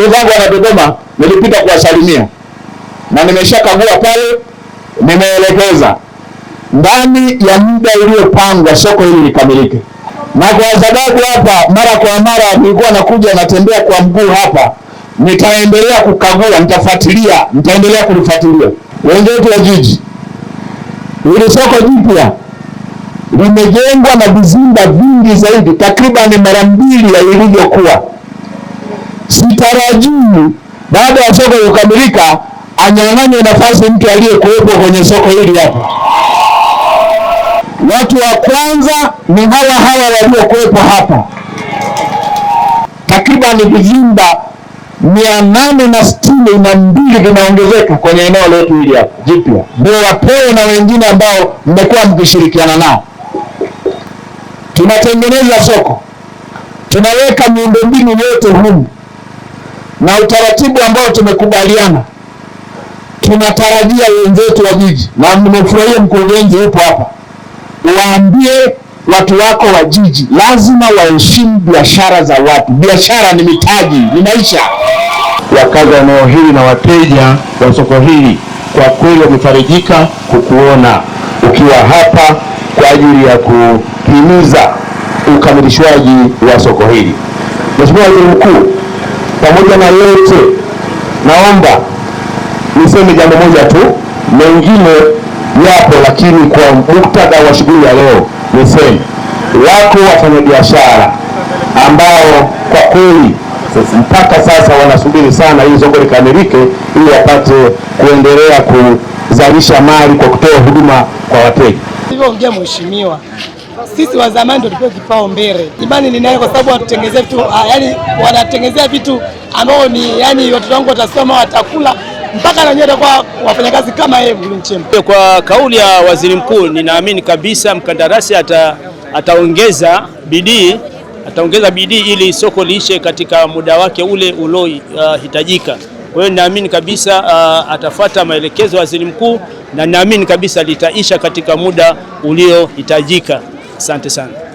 wenzangu wana Dodoma nilipita kuwasalimia na nimeshakagua pale, nimeelekeza ndani ya muda uliopangwa soko hili likamilike. Na kwa sababu hapa mara kwa mara nilikuwa nakuja natembea kwa mguu hapa, nitaendelea kukagua, nitafuatilia, nitaendelea kulifuatilia. Wenzetu wa jiji, hili soko jipya limejengwa na vizimba vingi zaidi, takriban mara mbili ya ilivyokuwa sitarajii baada ya soko kukamilika anyang'anywe nafasi mtu aliyekuwepo kwenye soko hili hapa. Watu wa kwanza ni hawa hawa waliokuwepo hapa, takriban vizimba mia nane na sitini na mbili vinaongezeka kwenye eneo letu hili hapa jipya, ndio wapewe na wengine ambao mmekuwa mkishirikiana nao. Tunatengeneza soko, tunaweka miundombinu yote humu na utaratibu ambao tumekubaliana. Tunatarajia wenzetu wa jiji, na nimefurahia mkurugenzi yupo hapa, waambie watu wako wa jiji lazima waheshimu biashara za watu. Biashara ni mitaji, ni maisha. Wakazi wa eneo hili na wateja wa soko hili kwa kweli wamefarijika kukuona ukiwa hapa kwa ajili ya kuhimiza ukamilishwaji wa soko hili. Mheshimiwa Waziri Mkuu, pamoja na yote, naomba niseme jambo moja tu, mengine yapo, lakini kwa muktadha wa shughuli ya leo niseme, wako wafanyabiashara ambao kwa kweli mpaka sasa wanasubiri sana ili soko likamilike ili wapate kuendelea kuzalisha mali kwa kutoa huduma kwa wateja. Hivyo ongea mheshimiwa sisi wa zamani ndio kipao mbele. Imani ninayo kwa sababu wanatutengezea vitu, ah, yaani wanatengenezea vitu ambao ni yani watoto wangu watasoma, watakula mpaka na nyota kwa wafanyakazi kama yeye Mchemba. Kwa kauli ya waziri mkuu, ninaamini kabisa mkandarasi ata, ataongeza bidii ataongeza bidii ili soko liishe katika muda wake ule uliohitajika. Uh, kwa hiyo ninaamini kabisa uh, ah, atafata maelekezo ya waziri mkuu na ninaamini kabisa litaisha katika muda uliohitajika. Asante sana.